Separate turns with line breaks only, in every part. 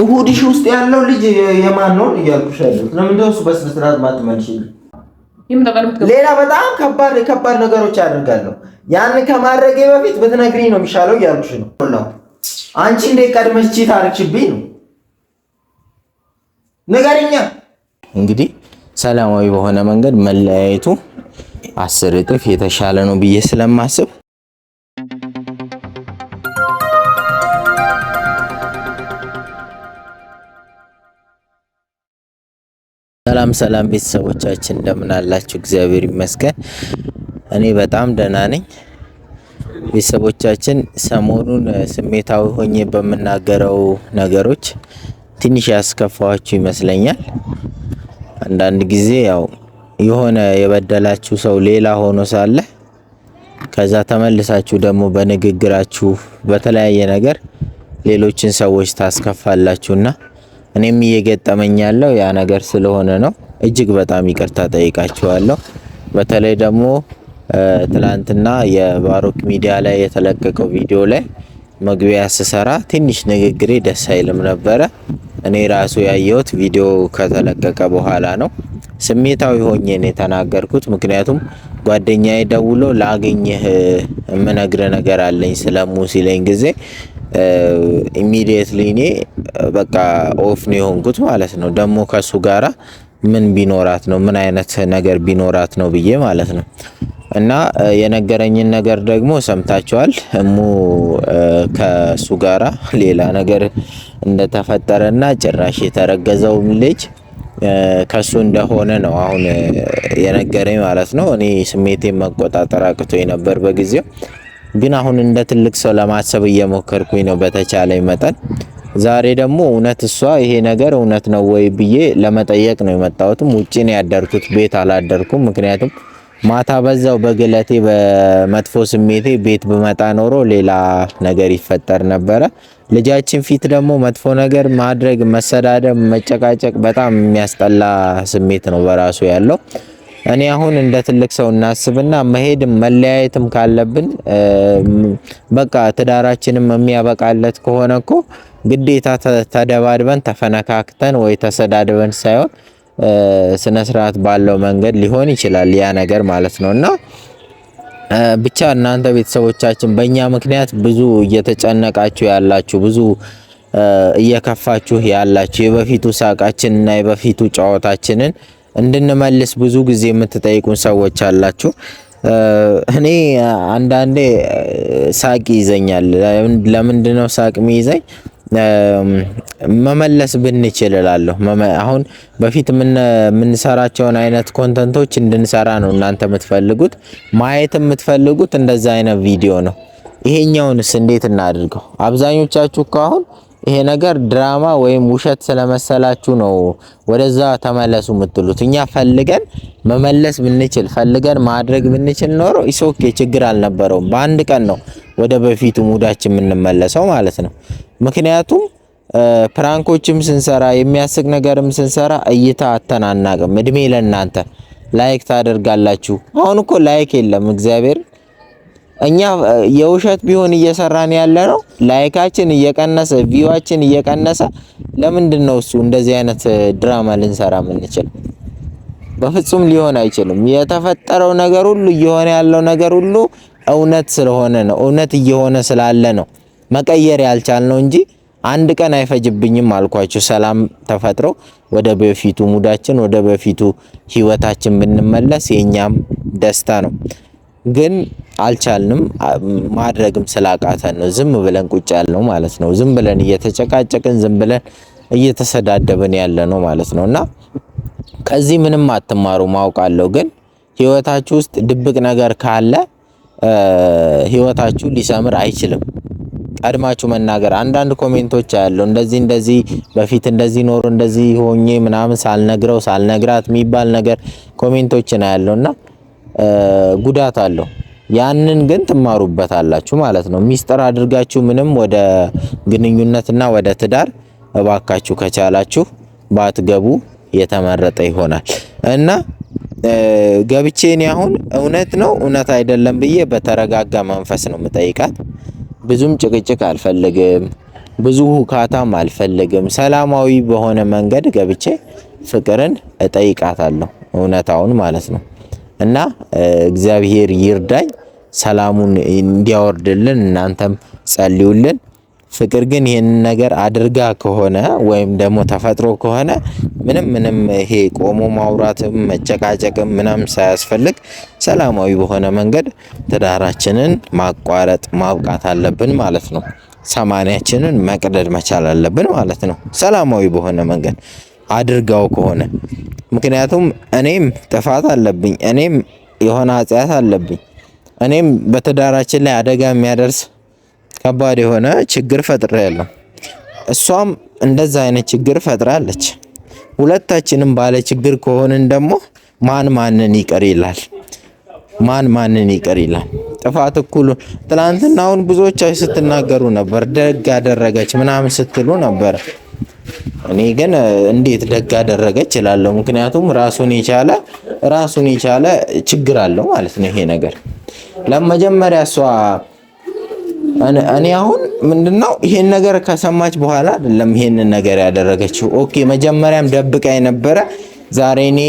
እሁድሽ ውስጥ ያለው ልጅ የማን ነው እያልኩሽ ያለሁት። ለምንድነው እሱ በስነ ስርዓት ማትመልሺልኝ? ሌላ በጣም ከባድ ከባድ ነገሮች አደርጋለሁ። ያን ከማድረጌ በፊት ብትነግሪኝ ነው የሚሻለው እያልኩሽ ነው። አንቺ እንዴት ቀድመሽ ቺት አደረግሽብኝ ነው? ንገሪኛ። እንግዲህ ሰላማዊ በሆነ መንገድ መለያየቱ አስር እጥፍ የተሻለ ነው ብዬ ስለማስብ ሰላም ሰላም ቤተሰቦቻችን እንደምን አላችሁ? እግዚአብሔር ይመስገን እኔ በጣም ደህና ነኝ። ቤተሰቦቻችን ሰሞኑን ስሜታዊ ሆኜ በምናገረው ነገሮች ትንሽ ያስከፋዋችሁ ይመስለኛል። አንዳንድ ጊዜ ያው የሆነ የበደላችሁ ሰው ሌላ ሆኖ ሳለ ከዛ ተመልሳችሁ ደግሞ በንግግራችሁ በተለያየ ነገር ሌሎችን ሰዎች ታስከፋላችሁና እኔም እየገጠመኝ ያለው ያ ነገር ስለሆነ ነው። እጅግ በጣም ይቅርታ ጠይቃችኋለሁ። በተለይ ደግሞ ትላንትና የባሮክ ሚዲያ ላይ የተለቀቀው ቪዲዮ ላይ መግቢያ ስሰራ ትንሽ ንግግሬ ደስ አይልም ነበረ። እኔ ራሱ ያየሁት ቪዲዮ ከተለቀቀ በኋላ ነው። ስሜታዊ ሆኜ ነው የተናገርኩት። ምክንያቱም ጓደኛዬ ደውሎ ላገኘህ የምነግር ነገር አለኝ ስለሙ ሲለኝ ጊዜ ኢሚዲየትሊ እኔ በቃ ኦፍ ነው የሆንኩት ማለት ነው። ደግሞ ከሱ ጋራ ምን ቢኖራት ነው ምን አይነት ነገር ቢኖራት ነው ብዬ ማለት ነው። እና የነገረኝን ነገር ደግሞ ሰምታችኋል። እሙ ከሱ ጋራ ሌላ ነገር እንደተፈጠረ ጭራሽ የተረገዘውም ልጅ ከሱ እንደሆነ ነው አሁን የነገረኝ ማለት ነው። እኔ ስሜቴን መቆጣጠር አቅቶ ነበር በጊዜው ግን አሁን እንደ ትልቅ ሰው ለማሰብ እየሞከርኩኝ ነው በተቻለ መጠን። ዛሬ ደግሞ እውነት እሷ ይሄ ነገር እውነት ነው ወይ ብዬ ለመጠየቅ ነው የመጣሁትም። ውጭ ነው ያደርኩት፣ ቤት አላደርኩም። ምክንያቱም ማታ በዛው በግለቴ በመጥፎ ስሜቴ ቤት ብመጣ ኖሮ ሌላ ነገር ይፈጠር ነበረ። ልጃችን ፊት ደግሞ መጥፎ ነገር ማድረግ፣ መሰዳደብ፣ መጨቃጨቅ በጣም የሚያስጠላ ስሜት ነው በራሱ ያለው። እኔ አሁን እንደ ትልቅ ሰው እናስብና መሄድም መለያየትም ካለብን በቃ ትዳራችንም የሚያበቃለት ከሆነ እኮ ግዴታ ተደባድበን ተፈነካክተን ወይ ተሰዳድበን ሳይሆን ስነ ስርዓት ባለው መንገድ ሊሆን ይችላል ያ ነገር ማለት ነው። እና ብቻ እናንተ ቤተሰቦቻችን በእኛ ምክንያት ብዙ እየተጨነቃችሁ ያላችሁ ብዙ እየከፋችሁ ያላችሁ የበፊቱ ሳቃችንና የበፊቱ ጨዋታችንን እንድንመልስ ብዙ ጊዜ የምትጠይቁን ሰዎች አላችሁ። እኔ አንዳንዴ ሳቅ ይዘኛል። ለምንድነው ሳቅ የሚይዘኝ? መመለስ ብንችል እላለሁ። አሁን በፊት የምንሰራቸውን አይነት ኮንተንቶች እንድንሰራ ነው እናንተ የምትፈልጉት፣ ማየት የምትፈልጉት እንደዛ አይነት ቪዲዮ ነው። ይሄኛውንስ እንዴት እናድርገው? አብዛኞቻችሁ እኮ አሁን ይሄ ነገር ድራማ ወይም ውሸት ስለመሰላችሁ ነው ወደዛ ተመለሱ የምትሉት። እኛ ፈልገን መመለስ ብንችል ፈልገን ማድረግ ብንችል ኖሮ ኢሶኬ ችግር አልነበረውም። በአንድ ቀን ነው ወደ በፊቱ ሙዳችን የምንመለሰው ማለት ነው። ምክንያቱም ፕራንኮችም ስንሰራ የሚያስቅ ነገርም ስንሰራ እይታ አተናናቅም። እድሜ ለእናንተ ላይክ ታደርጋላችሁ። አሁን እኮ ላይክ የለም እግዚአብሔር እኛ የውሸት ቢሆን እየሰራን ያለ ነው። ላይካችን እየቀነሰ ቪዋችን እየቀነሰ ለምንድን ነው እሱ እንደዚህ አይነት ድራማ ልንሰራ የምንችል? በፍጹም ሊሆን አይችልም። የተፈጠረው ነገር ሁሉ እየሆነ ያለው ነገር ሁሉ እውነት ስለሆነ ነው። እውነት እየሆነ ስላለ ነው መቀየር ያልቻል ነው እንጂ አንድ ቀን አይፈጅብኝም አልኳችሁ። ሰላም ተፈጥሮ ወደ በፊቱ ሙዳችን ወደ በፊቱ ህይወታችን ብንመለስ የኛም ደስታ ነው። ግን አልቻልንም። ማድረግም ስላቃተን ነው ዝም ብለን ቁጭ ያልነው ማለት ነው። ዝም ብለን እየተጨቃጨቅን ዝም ብለን እየተሰዳደብን ያለ ነው ማለት ነው። እና ከዚህ ምንም አትማሩ ማውቃለሁ። ግን ህይወታችሁ ውስጥ ድብቅ ነገር ካለ ህይወታችሁ ሊሰምር አይችልም። ቀድማችሁ መናገር። አንዳንድ ኮሜንቶች ያለው እንደዚህ እንደዚህ በፊት እንደዚህ ኖሮ እንደዚህ ሆኜ ምናምን ሳልነግረው ሳልነግራት የሚባል ነገር ኮሜንቶች ነው ያለውና ጉዳት አለው። ያንን ግን ትማሩበታላችሁ ማለት ነው። ሚስጥር አድርጋችሁ ምንም ወደ ግንኙነትና ወደ ትዳር እባካችሁ ከቻላችሁ ባትገቡ የተመረጠ ይሆናል እና ገብቼ እኔ አሁን እውነት ነው እውነት አይደለም ብዬ በተረጋጋ መንፈስ ነው የምጠይቃት። ብዙም ጭቅጭቅ አልፈልግም፣ ብዙ ሁካታም አልፈልግም። ሰላማዊ በሆነ መንገድ ገብቼ ፍቅርን እጠይቃታለሁ እውነታውን ማለት ነው። እና እግዚአብሔር ይርዳኝ፣ ሰላሙን እንዲያወርድልን እናንተም ጸልዩልን። ፍቅር ግን ይህንን ነገር አድርጋ ከሆነ ወይም ደግሞ ተፈጥሮ ከሆነ ምንም ምንም ይሄ ቆሞ ማውራትም መጨቃጨቅም ምናምን ሳያስፈልግ ሰላማዊ በሆነ መንገድ ትዳራችንን ማቋረጥ ማብቃት አለብን ማለት ነው። ሰማንያችንን መቅደድ መቻል አለብን ማለት ነው። ሰላማዊ በሆነ መንገድ አድርጋው ከሆነ ምክንያቱም እኔም ጥፋት አለብኝ፣ እኔም የሆነ ኃጢአት አለብኝ፣ እኔም በትዳራችን ላይ አደጋ የሚያደርስ ከባድ የሆነ ችግር ፈጥሬ እሷም እንደዛ አይነት ችግር ፈጥራለች። ሁለታችንም ባለ ችግር ከሆንን ደግሞ ማን ማንን ይቅር ይላል? ማን ማንን ይቅር ይላል? ጥፋት እኩሉ ትናንትና፣ አሁን ብዙዎቻችሁ ስትናገሩ ነበር፣ ደግ አደረገች ምናምን ስትሉ ነበር። እኔ ግን እንዴት ደግ አደረገ እችላለሁ። ምክንያቱም ራሱን የቻለ ራሱን የቻለ ችግር አለው ማለት ነው ይሄ ነገር። ለመጀመሪያ እሷ እኔ አሁን ምንድነው ይሄን ነገር ከሰማች በኋላ አይደለም ይሄንን ነገር ያደረገችው። ኦኬ መጀመሪያም ደብቃ የነበረ ዛሬ እኔ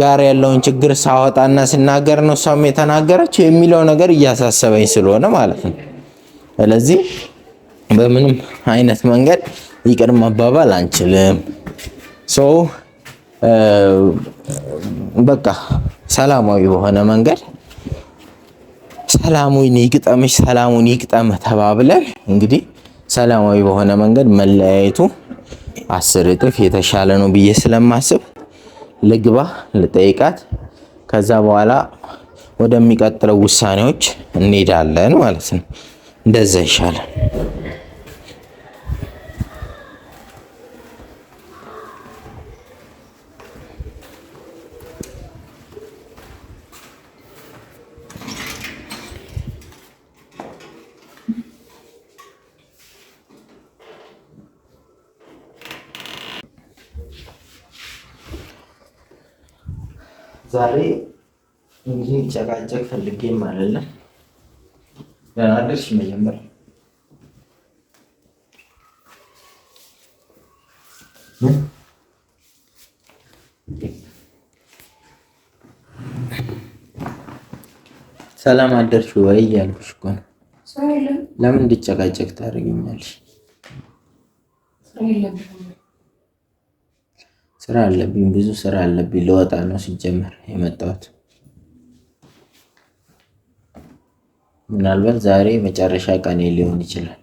ጋር ያለውን ችግር ሳወጣና ስናገር ነው እሷም የተናገረችው የሚለው ነገር እያሳሰበኝ ስለሆነ ማለት ነው። ስለዚህ በምንም አይነት መንገድ ይቅርም አባባል አንችልም። ሶ በቃ ሰላማዊ በሆነ መንገድ ሰላሙን ይቅጠምሽ፣ ሰላሙን ይቅጠም ተባብለን እንግዲህ ሰላማዊ በሆነ መንገድ መለያየቱ አስር እጥፍ የተሻለ ነው ብዬ ስለማስብ ልግባ ልጠይቃት፣ ከዛ በኋላ ወደሚቀጥለው ውሳኔዎች እንሄዳለን ማለት ነው። እንደዛ ይሻላል። ዛሬ እንግዲህ ጨቃጨቅ ፈልጌም አይደለም። ደህና አደርሽ መጀመር ሰላም አደርሽ ወይ እያልኩሽ እኮ ነው። ለምን እንድጨቃጨቅ ታደርገኛለሽ? ስራ አለብኝ፣ ብዙ ስራ አለብኝ። ልወጣ ነው ሲጀመር የመጣሁት። ምናልባት ዛሬ መጨረሻ ቀኔ ሊሆን ይችላል።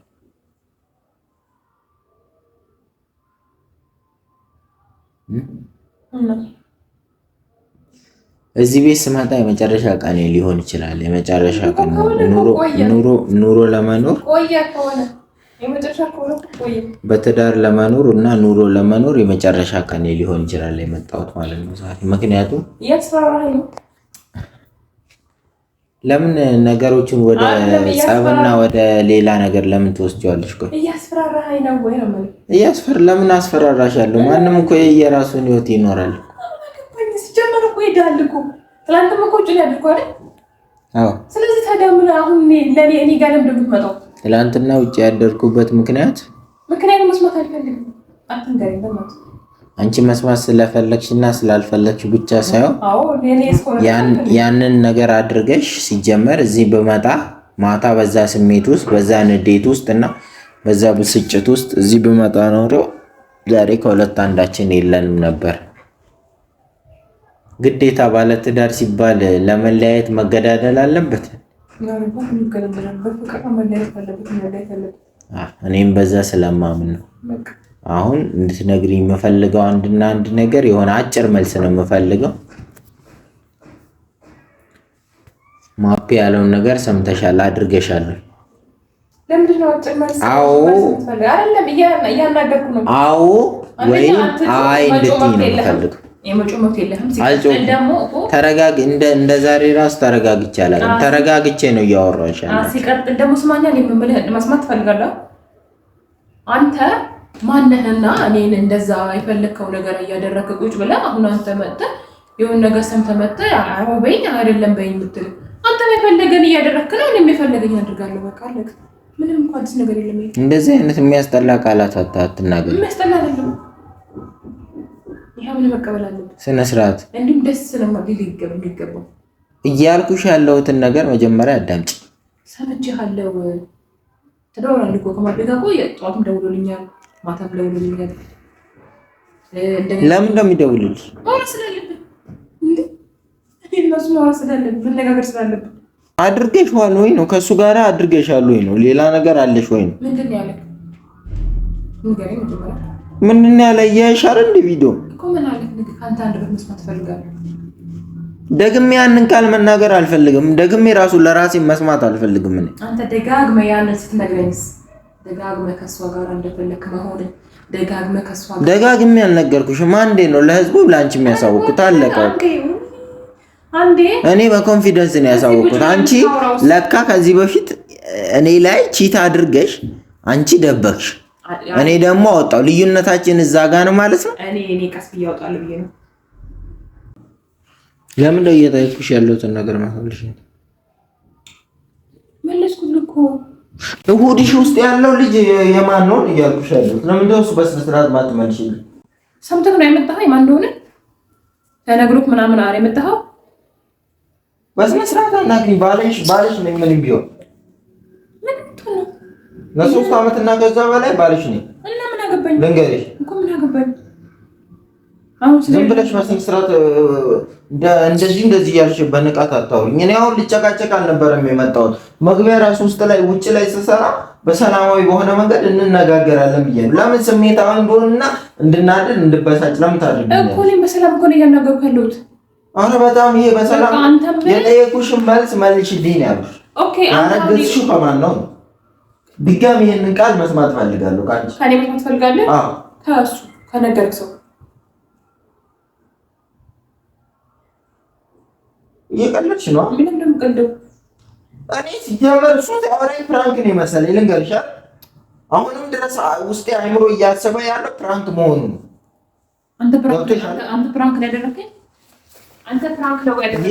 እዚህ ቤት ስመጣ የመጨረሻ ቀኔ ሊሆን ይችላል። የመጨረሻ ቀን ኑሮ ለመኖር በትዳር ለመኖር እና ኑሮ ለመኖር የመጨረሻ ቀኔ ሊሆን ይችላል የመጣሁት ማለት ነው ዛሬ። ምክንያቱም ለምን ነገሮችን ወደ ጸብና ወደ ሌላ ነገር ለምን ትወስጂዋለሽ? ቆይ እያስፈራ ለምን አስፈራራሽ? ያለው ማንም እኮ የየራሱን ህይወት ይኖራል።
ስለዚህ ታዲያ አሁን ለእኔ ጋር ለምደው የምትመጣው
ትላንትና ውጭ ያደርኩበት ምክንያት
ምክንያት መስማት አልፈልግም።
አንቺ መስማት ስለፈለግሽ እና ስላልፈለግሽ ብቻ ሳይሆን ያንን ነገር አድርገሽ ሲጀመር እዚህ ብመጣ ማታ በዛ ስሜት ውስጥ በዛ ንዴት ውስጥ እና በዛ ብስጭት ውስጥ እዚህ ብመጣ ኖሮ ዛሬ ከሁለት አንዳችን የለንም ነበር። ግዴታ ባለትዳር ሲባል ለመለያየት መገዳደል አለበት። እኔም በዛ ስለማምን ነው። አሁን እንድትነግሪኝ የምፈልገው አንድና አንድ ነገር የሆነ አጭር መልስ ነው የምፈልገው። ማፒ ያለውን ነገር ሰምተሻል፣ አድርገሻል። አዎ አዎ፣ ወይም አይ እንድትይ ነው የምፈልገው አልጮህም። ተረጋግ እንደ ዛሬ ራሱ ተረጋግቼ አላውቅም። ተረጋግቼ ነው እያወራሁሽ።
ሲቀጥል ደግሞ ስማኛ የምልህን መስማት ትፈልጋለህ አንተ ማነህና እኔን እንደዛ የፈለግከው ነገር እያደረግክ ቁጭ ብለህ አሁን አንተ መጥተህ የሆነ ነገር ሰምተህ መጥተህ አረበኝ አይደለም በይኝ የምትል አንተ የፈለገን እያደረግክ ነው፣ እኔም የፈለገኝ አድርጋለሁ። በቃ ምንም እንኳ አዲስ ነገር የለም።
እንደዚህ አይነት የሚያስጠላ ቃላት አትናገር።
የሚያስጠላ አይደለም
ስነ ስርዓት እያልኩሽ ያለሁትን ነገር መጀመሪያ አዳምጪ።
ሰምቼሃለሁ። ትደውላለህ እኮ ከማቤ ጋር ደውሎልኛል፣ ማታም ደውሎልኛል።
ለምን ወይ ነው ከእሱ ጋር አድርገሻል ወይ ነው ሌላ ነገር አለሽ ወይ ነው ምንድን ያለ እያየሽ አይደል እንደ ቪዲዮ
ምን
ደግሜ ያንን ቃል መናገር አልፈልግም። ደግሜ ራሱ ለራሴ መስማት አልፈልግም። እኔ
አንተ ደጋግመ ያንን ስትነግረኝስ ደጋግመ ከእሷ ጋር እንደፈለክ መሆን ደጋግመ ከእሷ
ጋር ደጋግሜ አልነገርኩሽም። አንዴ ነው ለህዝቡ ለአንቺ የሚያሳውቁት። አለቀ። እኔ በኮንፊደንስ ነው ያሳወቁት። አንቺ ለካ ከዚህ በፊት እኔ ላይ ቺታ አድርገሽ አንቺ ደበቅሽ። እኔ ደግሞ አወጣው። ልዩነታችን እዛ ጋ ነው ማለት ነው።
እኔ እኔ ቀስ ብዬ አወጣለሁ ብዬ ነው።
ለምን ላይ እየጠየኩሽ ያለሁትን ነገር መፈልሽ
መለስኩት እኮ
እሁድሽ ውስጥ ያለው ልጅ የማን ነው እያልኩሽ ያለሁት። ለምን ደውስ በስነ ስርዓት ማትመልሽልኝ?
ሰምተህ ነው የመጣኸው? የማን እንደሆነ ተነግሮክ ምናምን አረ የመጣኸው
በስነ ስርዓት አናግሪኝ። ባለሽ ባለሽ ምን ምን ቢሆን ለሶስት አመት እና ከዛ በላይ ባልሽ ነኝ
እና ምን አገባኝ? ልንገርሽ እኮ ምን አገባኝ?
አሁን ዝም ብለሽ መስኝ ስራት እንደዚህ እንደዚህ እያልሽ በንቃት አታውሪኝ። እኔ አሁን ልጨቃጨቅ አልነበረም የመጣሁት። መግቢያ ራሱ ውስጥ ላይ ውጭ ላይ ስሰራ በሰላማዊ በሆነ መንገድ እንነጋገራለን ብዬ ነው። ለምን ስሜታዊ እንደሆንና እንድናድን እንድበሳጭ ለምን ታድርጊ
እኮ እኔም በሰላም እኮ ነው እያናገርኩ ያለሁት።
አረ በጣም ይሄ በሰላም የጠየቁሽን መልስ መልሽልኝ ያሉሽ ያነገዝሽው ከማን ነው? ድጋሚ ይሄንን ቃል መስማት ፈልጋለሁ። ቃል
ከኔ መስማት ፈልጋለህ? አዎ፣ ከእሱ ከነገርክ ሰው
እየቀለድሽ ነው።
ምንም ቀልደው
እኔ ሲጀመር እሱ ሲያወራኝ ፕራንክ ነው መሰለኝ። ልንገርሽ፣ አሁንም ድረስ ውስጤ አይምሮ እያሰበ ያለው ፕራንክ መሆኑን
አንተ ፕራንክ ነው ያደረከኝ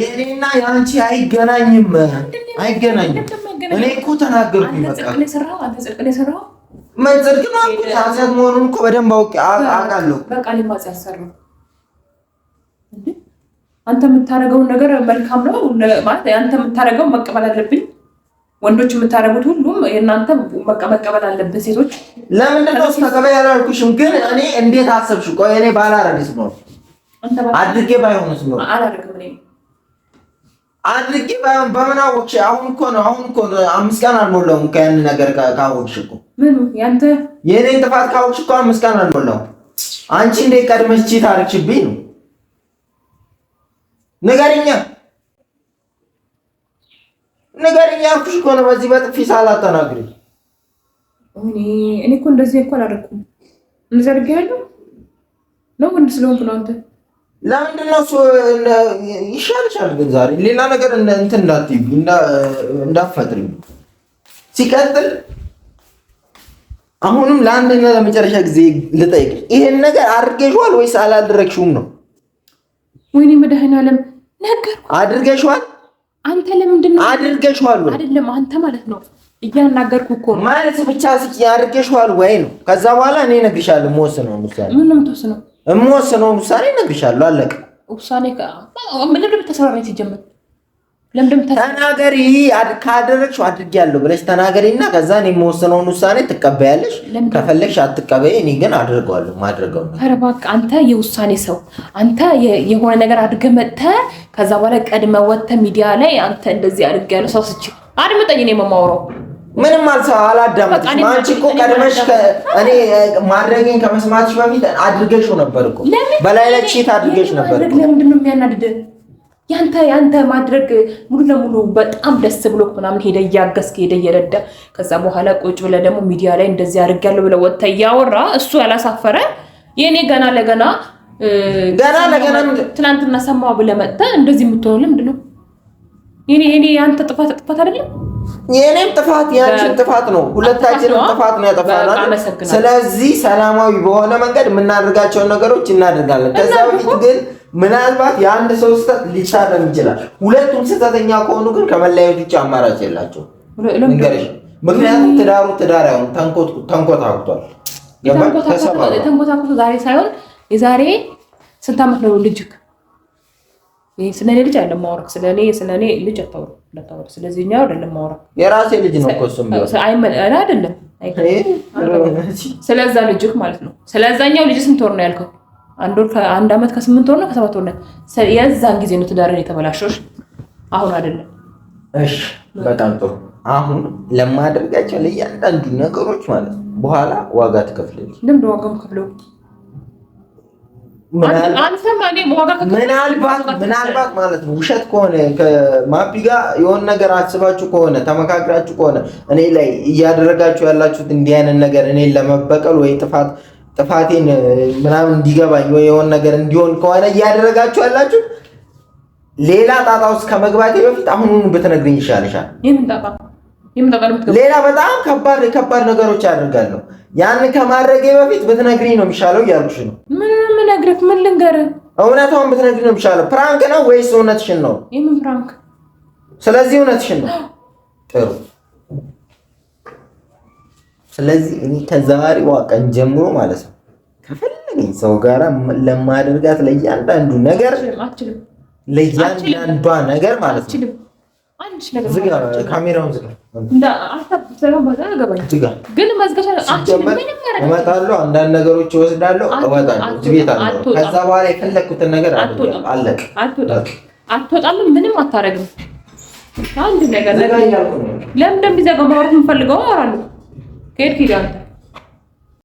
የእኔና የአንቺ አይገናኝም አይገናኝም። እኔ እኮ ተናገርኩኝ። ምን ጽድቅ ነው አልኩት። ሐሰት መሆኑን እኮ በደንብ አውቄ አውቃለሁ።
አንተ የምታደርገውን ነገር መልካም ነው ማለት አንተ የምታደርገውን መቀበል አለብኝ። ወንዶች የምታደርጉት ሁሉም የእናንተ መቀበል አለብን ሴቶች።
ለምንድን ነው ተቀበል ያላልኩሽም? ግን እኔ እንዴት አሰብሽ? ቆይ እኔ ባላረግስ ነው አድርጌ ባይሆንስ ነው አድርጌ ባይሆን በምን አወቅሽ? አሁን እኮ ነው አሁን እኮ አምስት ቀን አልሞላውም። ከያን ነገር ካወቅሽ እኮ የእኔን ጥፋት ካወቅሽ እኮ አምስት ቀን አልሞላውም። አንቺ እንዴት ቀድመሽ ቺት አደረግሽብኝ ነው ንገሪኛ፣ ንገሪኛ አልኩሽ እኮ ነው። በዚህ በጥፊ ሳላጠናግሪኝ
እኔ እኮ እንደዚህ እኮ አላደረኩም። እንደዚህ አድርጌ ያለው ነው ወንድ ስለሆንኩ ነው አንተ
ለአንድ እነሱ ይሻልሻል። ግን ዛሬ ሌላ ነገር እንትን ሲቀጥል አሁንም ለአንድና ለመጨረሻ ጊዜ ልጠይቅ ይሄን ነገር አድርገሽዋል ወይስ አላደረግሽውም ነው?
ወይኔ መድኃኒዓለም ነገር
አድርገሽዋል።
አንተ ለምንድን ነው
አድርገሽዋል?
አይደለም አንተ ማለት ነው እያናገርኩ እኮ
ነው ማለት ብቻ። አድርገሽዋል ወይ ነው። ከዛ በኋላ እኔ እነግርሻለሁ።
ነው
የምወሰነውን ውሳኔ እነግርሻለሁ። አለቀ። ውሳኔ ተናገሪ። ካደረግሽው አድርጌያለሁ ብለሽ ተናገሪ እና ከዛ እኔ የምወስነውን ውሳኔ ትቀበያለሽ። ከፈለግሽ አትቀበይ። እኔ ግን አድርገዋለሁ። ማድረገው
ረባክ አንተ የውሳኔ ሰው አንተ የሆነ ነገር አድርገ መጥተህ ከዛ በኋላ ቀድመ ወጥተህ ሚዲያ ላይ አንተ እንደዚህ አድርጌያለሁ ሰው ስች አድምጠኝ። እኔ የማወራው
ምንም አልሰው አላዳመጥሽም። አንቺ እኮ ቀድመሽ እኔ ማድረጌን ከመስማትሽ በፊት አድርገሽው ነበር እኮ በላይ ላይ አድርገሽ ነበር።
ለምንድን ነው የሚያናድድህ? ያንተ ያንተ ማድረግ ሙሉ ለሙሉ በጣም ደስ ብሎ ምናምን ሄደ እያገዝክ ሄደ እየረዳ ከዛ በኋላ ቁጭ ብለህ ደግሞ ሚዲያ ላይ እንደዚህ አድርጊያለሁ ብለ ወጥተህ እያወራ እሱ ያላሳፈረ የእኔ ገና ለገና ገና ለገና ትናንትና ሰማሁ ብለ መጥተህ እንደዚህ የምትሆን ለምንድን ነው? የእኔ የአንተ ጥፋት ጥፋት አይደለም
የእኔም ጥፋት የአንቺን ጥፋት ነው፣ ሁለታችንም ጥፋት ነው ያጠፋናል። ስለዚህ ሰላማዊ በሆነ መንገድ የምናደርጋቸውን ነገሮች እናደርጋለን። ከዛ በፊት ግን ምናልባት የአንድ ሰው ስህተት ሊታረም ይችላል። ሁለቱም ስህተተኛ ከሆኑ ግን ከመለያየት ውጭ አማራጭ የላቸው። ምክንያቱም ትዳሩ ትዳር አይሆን ተንኮታኩቷል።
ተንኮታኩቶ ዛሬ ሳይሆን የዛሬ ስንት ዓመት ነው ልጅክ ይሄ ስለ እኔ ልጅ አይደለም ማውራት። ስለ እኔ ስለ እኔ ልጅ አታውሩ ለታውሩ ስለዚህኛው አይደለም ማውራት።
የራሴ ልጅ ነው እኮ እሱም ቢሆን
አይደለም። ስለዛ ልጅህ ማለት ነው። ስለዛኛው ልጅ ስንት ወር ነው ያልከው? አንድ አመት ከስምንት ወር ነው ከሰባት ወር ነው። የዛን ጊዜ ነው ትዳርን የተበላሸሽ፣ አሁን አይደለም።
እሺ በጣም ጥሩ። አሁን ለማድረጋቸው ለእያንዳንዱ ነገሮች ማለት በኋላ ዋጋ ትከፍላለች።
ለምን ዋጋ ከፍለው ምናልባት
ማለት ነው ውሸት ከሆነ ከማፒ ጋር የሆነ ነገር አስባችሁ ከሆነ ተመካክራችሁ ከሆነ እኔ ላይ እያደረጋችሁ ያላችሁት እንዲህ አይነት ነገር እኔ ለመበቀል ወይ ጥፋት ጥፋቴን ምናምን እንዲገባኝ ወይ የሆነ ነገር እንዲሆን ከሆነ እያደረጋችሁ ያላችሁ ሌላ ጣጣ ውስጥ ከመግባቴ በፊት አሁኑን ብትነግርኝ ይሻልሻል። ጣጣ ሌላ በጣም ከባድ ከባድ ነገሮች አድርጋለሁ። ያን ከማድረጌ በፊት ብትነግሪኝ ነው የሚሻለው እያሉሽ ነው።
ምን ምነግርህ? ምን ልንገርህ?
እውነታውን ብትነግሪኝ ነው የሚሻለው። ፕራንክ ነው ወይስ እውነትሽን ነው? የምን ፕራንክ? ስለዚህ እውነትሽን ነው። ጥሩ። ስለዚህ እኔ ከዛሬዋ ዋቀን ጀምሮ ማለት ነው ከፈለገኝ ሰው ጋር ለማደርጋት ለእያንዳንዱ ነገር ለእያንዳንዷ ነገር ማለት ነው። ካሜራውን ዝጋ ግን እመጣለሁ፣ አንዳንድ ነገሮች እወስዳለሁ፣ እወጣለሁ፣ ቤት አለሁ። ከዛ በኋላ የፈለግኩትን ነገር
አለቅ። አትወጣም፣ ምንም አታደርግም። አንድ ነገር ለምን እንደሚዘጋው ማውራት የምፈልገው አወራለሁ። ከሄድክ ሂድ አንተ